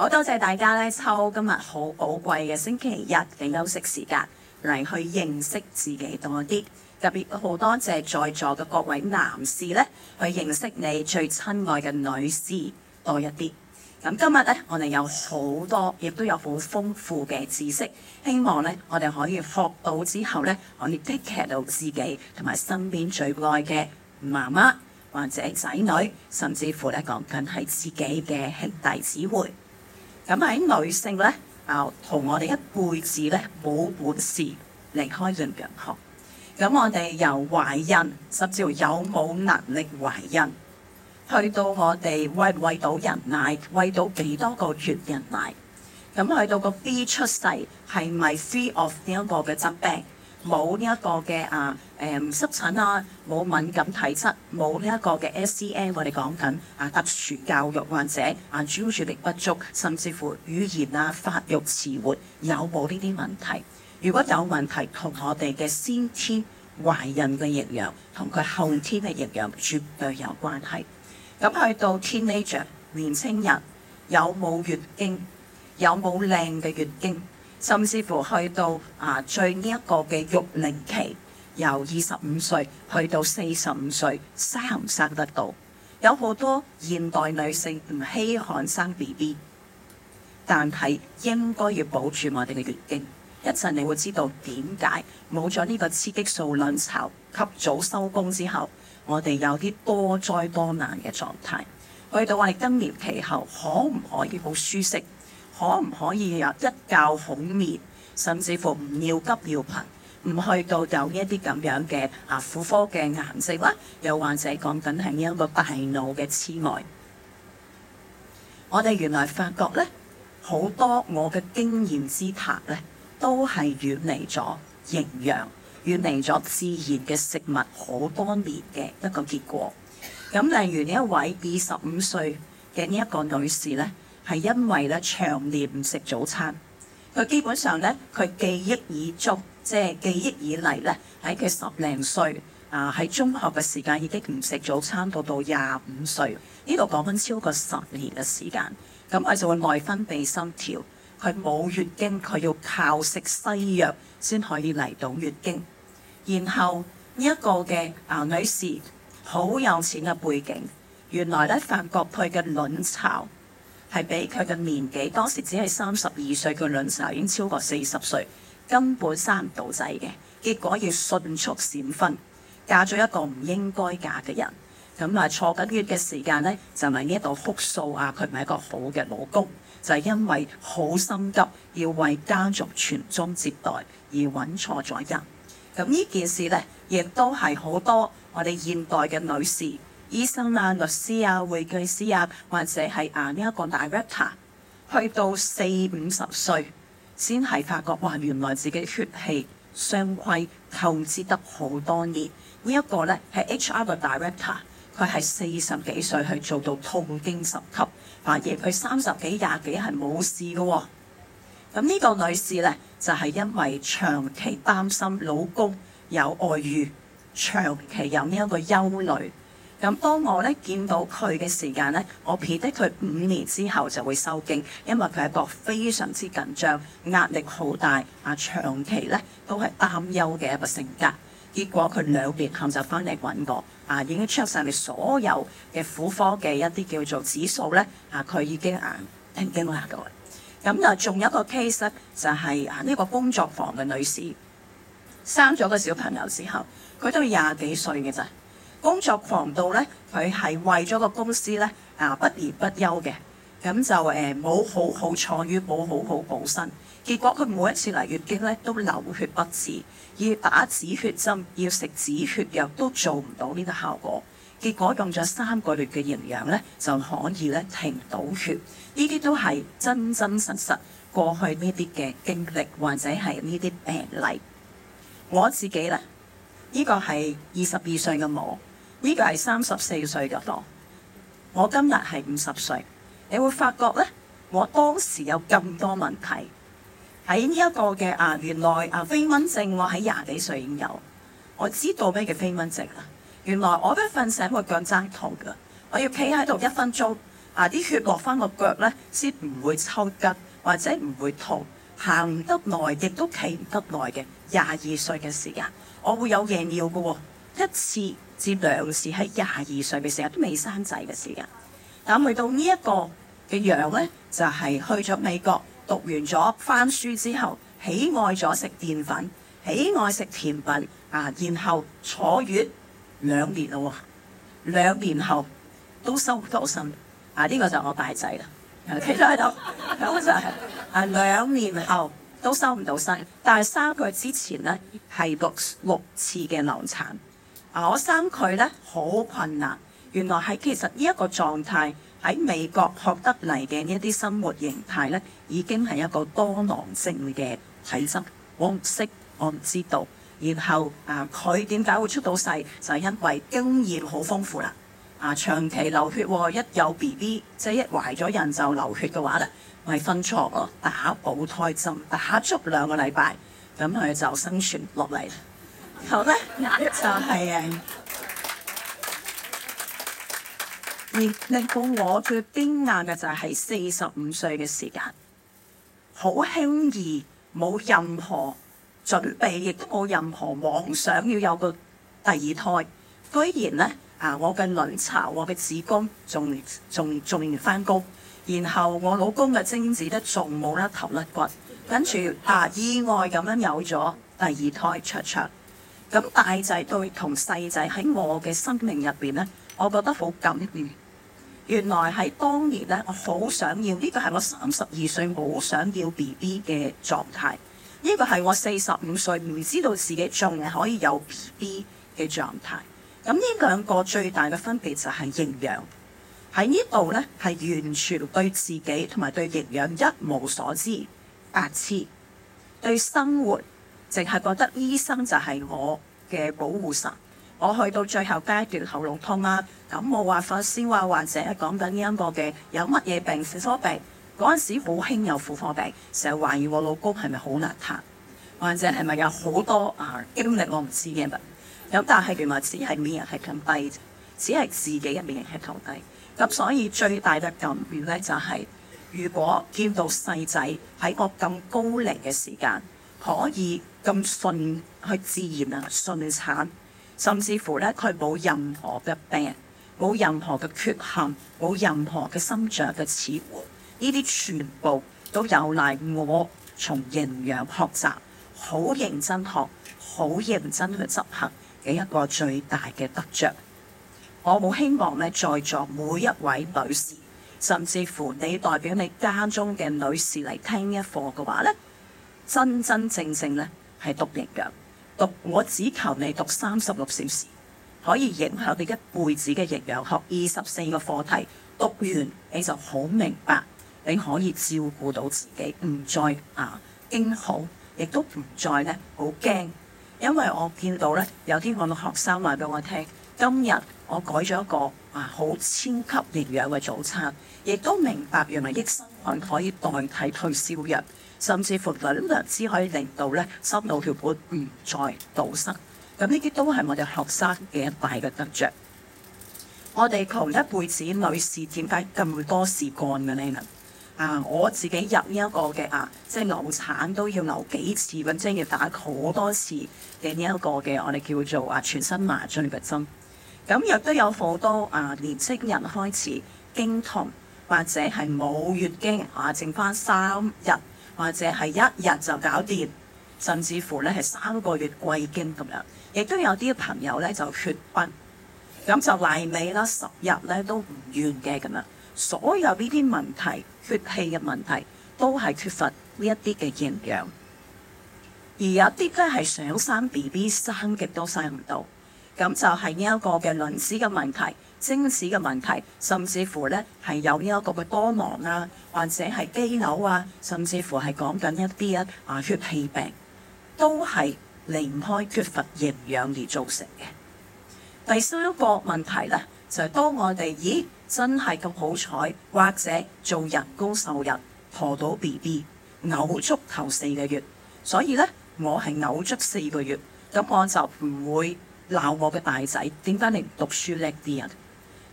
好多謝大家咧，抽今日好寶貴嘅星期一嘅休息時間嚟去認識自己多啲。特別好多謝在座嘅各位男士咧，去認識你最親愛嘅女士多一啲。咁今日咧，我哋有好多，亦都有好豐富嘅知識。希望咧，我哋可以學到之後咧，可以啓劇到自己同埋身邊最愛嘅媽媽或者仔女，甚至乎咧講緊係自己嘅兄弟姊妹。咁喺女性咧，啊、呃，同我哋一輩子咧冇本事離開營養學。咁我哋由懷孕，甚至乎有冇能力懷孕，去到我哋餵唔餵到人奶，餵到幾多個月人奶，咁去到個 B 出世，係咪 free of 呢一個嘅疾病？冇呢一個嘅啊誒、呃、濕疹啊，冇敏感體質，冇呢一個嘅 SCM，我哋講緊啊特殊教育患者啊專注力不足，甚至乎語言啊發育遲緩有冇呢啲問題？如果有問題，同我哋嘅先天懷孕嘅營養同佢後天嘅營養絕對有關係。咁去到 teenager 年青人有冇月經，有冇靚嘅月經？甚至乎去到啊最呢一個嘅育齡期，由二十五歲去到四十五歲，生唔生得到？有好多現代女性唔稀罕生 BB，但係應該要保住我哋嘅月經。一陣你會知道點解冇咗呢個雌激素卵巢及早收工之後，我哋有啲多災多難嘅狀態。去到我哋更年期後，可唔可以好舒適？可唔可以有一覺好眠，甚至乎唔要急尿頻，唔去到有呢一啲咁樣嘅啊婦科嘅顏色？啦，又或者講緊係呢一個大腦嘅痴呆。我哋原來發覺呢，好多我嘅經驗之談呢，都係遠離咗營養，遠離咗自然嘅食物好多年嘅一個結果。咁例如呢一位二十五歲嘅呢一個女士呢。係因為咧長年唔食早餐，佢基本上咧，佢記憶已足，即係記憶以嚟咧，喺佢十零歲啊，喺、呃、中學嘅時間已經唔食早餐，到到廿五歲呢度，講緊超過十年嘅時間。咁佢就會內分泌失調，佢冇月經，佢要靠食西藥先可以嚟到月經。然後呢一個嘅啊、呃、女士好有錢嘅背景，原來咧，發覺佢嘅卵巢。係俾佢嘅年紀，當時只係三十二歲，佢卵巢已經超過四十歲，根本生唔到仔嘅。結果要迅速閃婚，嫁咗一個唔應該嫁嘅人。咁、嗯、啊，坐緊月嘅時間呢，就係呢度哭訴啊，佢唔係一個好嘅老公，就係、是、因為好心急要為家族傳宗接代而揾錯咗人。咁、嗯、呢件事呢，亦都係好多我哋現代嘅女士。醫生啊、律師啊、會計師啊，或者係啊呢一、這個 director，去到四五十歲先係發覺嘩原來自己血氣雙虧透支得好多年。呢、這、一個呢係 HR 個 director，佢係四十幾歲去做到痛經十級，反而佢三十幾廿幾係冇事嘅、哦。咁、嗯、呢、這個女士呢，就係、是、因為長期擔心老公有外遇，長期有呢一個憂慮。咁當我咧見到佢嘅時間咧，我 predict 佢五年之後就會收經，因為佢係一個非常之緊張、壓力好大啊，長期咧都係擔憂嘅一個性格。結果佢兩邊喊就翻嚟揾我，啊，已經出晒你所有嘅婦科嘅一啲叫做指數咧啊，佢已經啊停經啦，各位。咁又仲有一個 case 咧，就係、是、啊呢、這個工作房嘅女士生咗個小朋友之後，佢都廿幾歲嘅咋。工作狂度呢，佢係為咗個公司呢，啊不而不休嘅，咁就誒冇好好坐於冇好好補身，結果佢每一次嚟月經呢，都流血不止，要打止血針，要食止血藥都做唔到呢個效果。結果用咗三個月嘅營養呢，就可以呢停到血。呢啲都係真真實實過去呢啲嘅經歷或者係呢啲病例，我自己呢，呢、呢個係二十二歲嘅我。呢個係三十四歲嘅我，我今日係五十歲。你會發覺咧，我當時有咁多問題喺呢一個嘅啊，原來啊，飛蚊症我喺廿幾歲已經有，我知道咩叫飛蚊症啦。原來我都瞓醒會腳踭痛嘅，我要企喺度一分鐘啊，啲血落翻個腳咧先唔會抽筋或者唔會痛，行唔得耐亦都企唔得耐嘅。廿二歲嘅時間，我會有夜尿嘅喎、哦，一次。接糧時喺廿二歲嘅時候都未生仔嘅時間。但係到呢一個嘅樣咧，就係去咗美國讀完咗翻書之後，喜愛咗食澱粉，喜愛食甜品啊，然後坐月兩年嘞喎，兩年後都收唔到身。啊，呢個就我大仔啦。其實喺度，喺度就係啊，兩年後都收唔到身，但係三個月之前咧係做六次嘅流產。啊！我生佢咧好困難，原來係其實呢一個狀態喺美國學得嚟嘅呢一啲生活形態咧，已經係一個多囊症嘅體質。我唔識，我唔知道。然後啊，佢點解會出到世？就係、是、因為經驗好豐富啦。啊，長期流血喎、哦，一有 B B，即係一懷咗孕就流血嘅話，我咪分錯咯，打保胎針，打足兩個禮拜，咁佢就生存落嚟。好咧，就係、是、誒， 令到我最驚訝嘅就係四十五歲嘅時間，好輕易冇任何準備，亦都冇任何妄想要有個第二胎，居然呢，啊！我嘅卵巢我嘅子宮仲仲仲要翻工，然後我老公嘅精子都仲冇甩頭甩骨，跟住啊意外咁樣有咗第二胎出場。嘲嘲咁大仔對同細仔喺我嘅生命入邊呢，我覺得好感悟。原來係當年呢，我好想要呢，這個係我三十二歲冇想要 B B 嘅狀態，呢，這個係我四十五歲唔知道自己仲係可以有 B B 嘅狀態。咁呢兩個最大嘅分別就係營養。喺呢度呢，係完全對自己同埋對營養一無所知，白、啊、痴對生活。淨係覺得醫生就係我嘅保護神，我去到最後階段喉嚨痛啦，感冒發燒啊，或者係講緊呢一個嘅有乜嘢病、婦科病，嗰陣時好興，有婦科病，成日懷疑我老公係咪好邋遢，或者係咪有好多啊經歷，我唔知嘅，咁但係原來只係免疫係咁低，ite，只係自己嘅免疫係咁低，咁所以最大嘅感願咧就係、是，如果見到細仔喺個咁高齡嘅時間可以。咁順去自然啊，順產，甚至乎咧佢冇任何嘅病，冇任何嘅缺陷，冇任何嘅心臟嘅恥活，呢啲全部都有賴我從營養學習，好認真學，好認真去執行嘅一個最大嘅得着。我冇希望咧，在座每一位女士，甚至乎你代表你家中嘅女士嚟聽一課嘅話咧，真真正正咧～係讀營養，讀我只求你讀三十六小時，可以影響你一輩子嘅營養學二十四個課題讀完，你就好明白，你可以照顧到自己，唔再啊驚恐，亦都唔再呢。好驚，因為我見到呢，有啲我學生話俾我聽，今日我改咗一個。啊！好千級營養嘅早餐，亦都明白原來益生菌可以代替退燒藥，甚至乎微量只可以令到咧心腦血管唔再堵塞。咁呢啲都係我哋學生嘅一大嘅得着。我哋窮一輩子，女士點解咁多事干嘅呢？啊！我自己入呢一個嘅啊，即係流產都要流幾次，咁即係要打好多次嘅呢一個嘅，我哋叫做啊全身麻醉嘅針。咁亦都有好多啊，年青人開始經痛，或者係冇月經啊，剩翻三日或者係一日就搞掂，甚至乎咧係三個月閉經咁樣。亦都有啲朋友咧就血崩，咁就賴尾啦十日咧都唔完嘅咁啊！咁樣。所有呢啲問題、血氣嘅問題都係缺乏呢一啲嘅營養，而有啲咧係想生 B B 生極都生唔到。咁就係呢一個嘅卵子嘅問題、精子嘅問題，甚至乎呢係有呢一個嘅多囊啊，或者係肌瘤啊，甚至乎係講緊一啲啊血氣病都係離唔開缺乏營養而造成嘅。第三個問題呢，就係、是、當我哋咦真係咁好彩，或者做人工受孕攞到 B B，嘔足頭四個月，所以呢，我係嘔足四個月，咁我就唔會。鬧我嘅大仔，點解你唔讀書叻啲啊？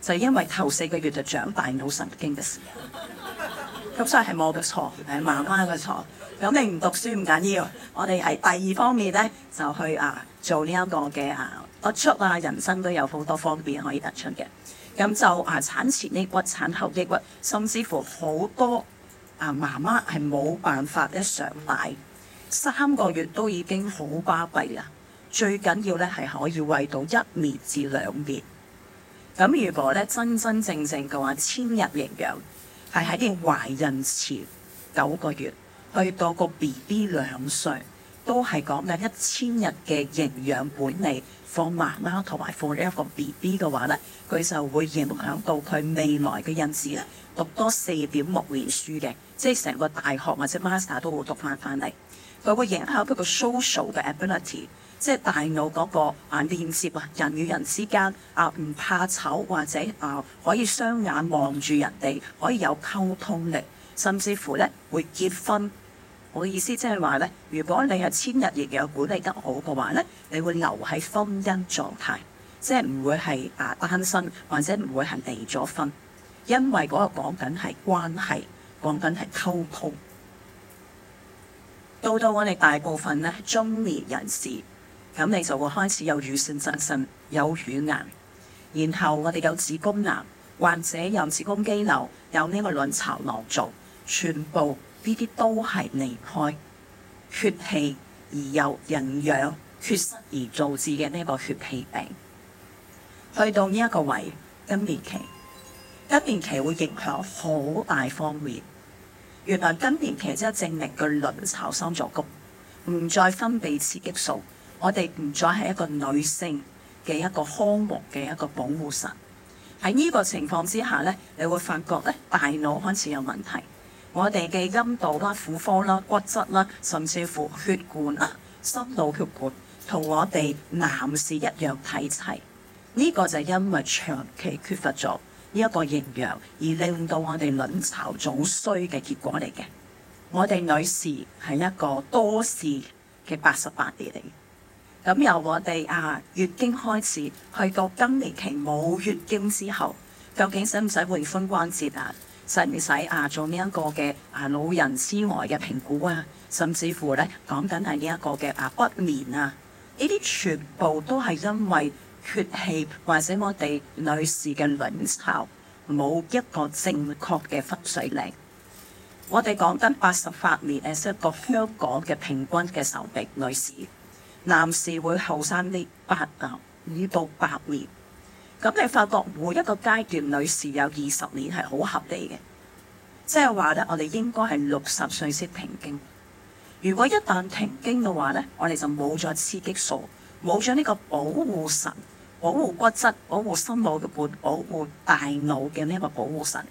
就係因為頭四個月就長大腦神經嘅時候，咁 所以係我嘅錯，係媽媽嘅錯。咁你唔讀書唔緊要，我哋係第二方面咧，就去啊做呢一個嘅啊，得出啊人生都有好多方便可以突出嘅。咁就啊產前抑鬱、產後抑鬱，甚至乎好多啊媽媽係冇辦法一上大，三個月都已經好巴閉啦。最緊要咧係可以餵到一年至兩年。咁如果咧真真正正嘅話，千日營養係喺啲懷孕前九個月去到個 B B 兩歲，都係講緊一千日嘅營養管理放媽媽同埋放呢一個 B B 嘅話咧，佢就會影響到佢未來嘅人子。咧讀多四點六年書嘅，即係成個大學或者 master 都會讀翻翻嚟。佢會影響佢個 social 嘅 ability。即係大腦嗰、那個啊，連接啊，人與人之間啊，唔怕醜，或者啊，可以雙眼望住人哋可以有溝通力，甚至乎咧會結婚。我嘅意思即係話咧，如果你係千日營養管理得好嘅話咧，你會留喺婚姻狀態，即係唔會係啊單身或者唔會係離咗婚，因為嗰個講緊係關係，講緊係溝通。到到我哋大部分咧中年人士。咁你就會開始有乳腺增生、有乳癌，然後我哋有子宮癌，或者有子宮肌瘤，有呢個卵巢囊腫，全部呢啲都係離開血氣而由營養缺失而導致嘅呢個血氣病。去到呢一個位更年期，更年期會影響好大方面。原來更年期即係證明個卵巢生咗谷，唔再分泌雌激素。我哋唔再係一個女性嘅一個康樂嘅一個保護神。喺呢個情況之下呢，你會發覺呢，大腦開始有問題我、啊。我哋嘅陰道啦、婦科啦、骨質啦、啊，甚至乎血管啦、啊、心腦血管，同我哋男士一樣睇齊。呢個就係因為長期缺乏咗呢一個營養，而令到我哋卵巢早衰嘅結果嚟嘅。我哋女士係一個多事嘅八十八年嚟。咁、嗯、由我哋啊月經開始去到更年期冇月經之後，究竟使唔使換關節啊？使唔使啊做呢一個嘅啊老人姿態嘅評估啊？甚至乎咧講緊係呢一個嘅啊失眠啊，呢啲全部都係因為血氣或者我哋女士嘅卵巢冇一個正確嘅分泌量。我哋講緊八十八年係一個香港嘅平均嘅壽命女士。男士會後生啲，八到五到八年，咁你發覺每一個階段，女士有二十年係好合理嘅，即係話咧，我哋應該係六十歲先停經。如果一旦停經嘅話咧，我哋就冇咗雌激素，冇咗呢個保護神，保護骨質，保護心腦嘅保護，保護大腦嘅呢個保護神。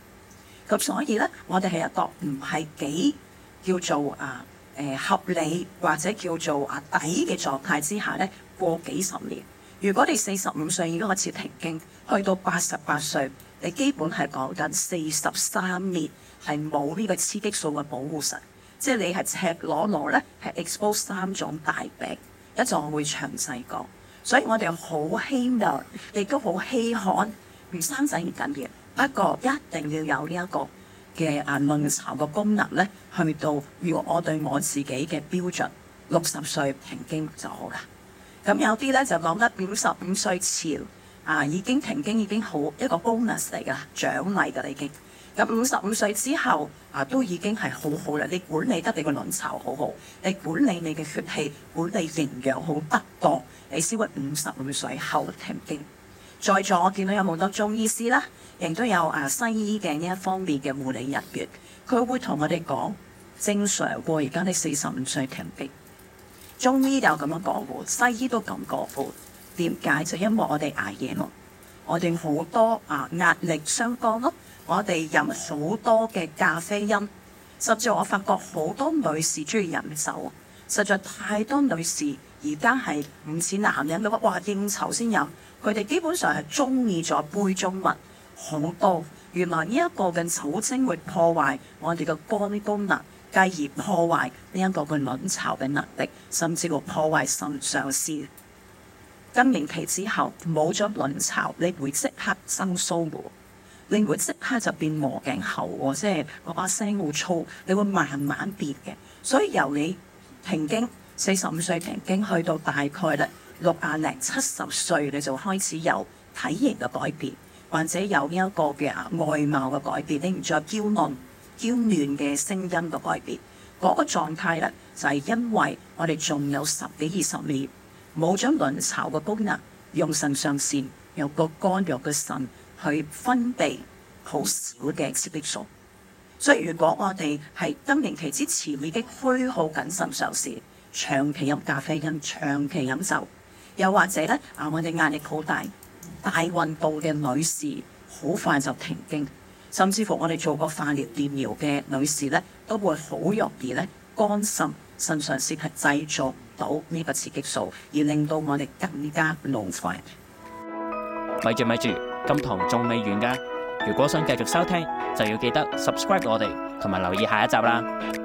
咁所以咧，我哋係一個唔係幾叫做啊，誒、呃、合理或者叫做壓底嘅狀態之下咧，過幾十年，如果你四十五歲已經開始停經，去到八十八歲，你基本係講緊四十三年係冇呢個雌激素嘅保護神，即係你係赤裸裸呢，係 expose 三種大病，一陣我會詳細講。所以我哋好希望亦都好稀罕唔生仔唔緊要，不過一定要有呢、這、一個。嘅啊卵巢嘅功能咧，去到如果我對我自己嘅標準，六十歲停經就好噶。咁有啲咧就攞得五十五歲前啊，已經停經已經好一個 bonus 嚟噶，獎勵噶啦已經。咁五十五歲之後啊，都已經係好好啦。你管理得你個卵巢好好，你管理你嘅血氣，管理營養好得當，你先會五十五歲後停經。在座我見到有好多中醫師啦，亦都有啊西醫嘅呢一方面嘅護理人員，佢會同我哋講正常過，而家你四十五歲停經，中醫就咁樣講過，過，西醫都咁講過，過，點解？就因為我哋捱夜咯，我哋好多啊壓力相高咯，我哋飲好多嘅咖啡因，甚至我發覺好多女士鍾意飲酒，實在太多女士。而家係唔似男人嘅話，哇應酬先飲。佢哋基本上係中意咗杯中物好多。原來呢一個嘅酒精會破壞我哋嘅肝功能，繼而破壞呢一個嘅卵巢嘅能力，甚至乎破壞腎上腺。更年期之後冇咗卵巢，你會即刻生疏喎，你會即刻就變磨鏡喉喎，即係我把聲會粗，你會慢慢變嘅。所以由你停經，四十五歲，平均去到大概咧六十零七十歲，你就開始有體型嘅改變，或者有一個嘅外貌嘅改變，你唔再嬌傲嬌嫩嘅聲音嘅改變嗰、那個狀態咧，就係、是、因為我哋仲有十幾二十年冇咗卵巢嘅功能，用腎上腺由個肝肉嘅腎去分泌好少嘅雌激素，所以如果我哋喺更年期之前已經虛耗緊腎上腺。長期飲咖啡因，長期飲酒，又或者咧，啊，我哋壓力好大，大運動嘅女士，好快就停經，甚至乎我哋做過化療、電療嘅女士咧，都會好容易咧肝心身上先係製作到呢個雌激素，而令到我哋更加家囊。咪住咪住，今堂仲未完㗎，如果想繼續收聽，就要記得 subscribe 我哋，同埋留意下一集啦。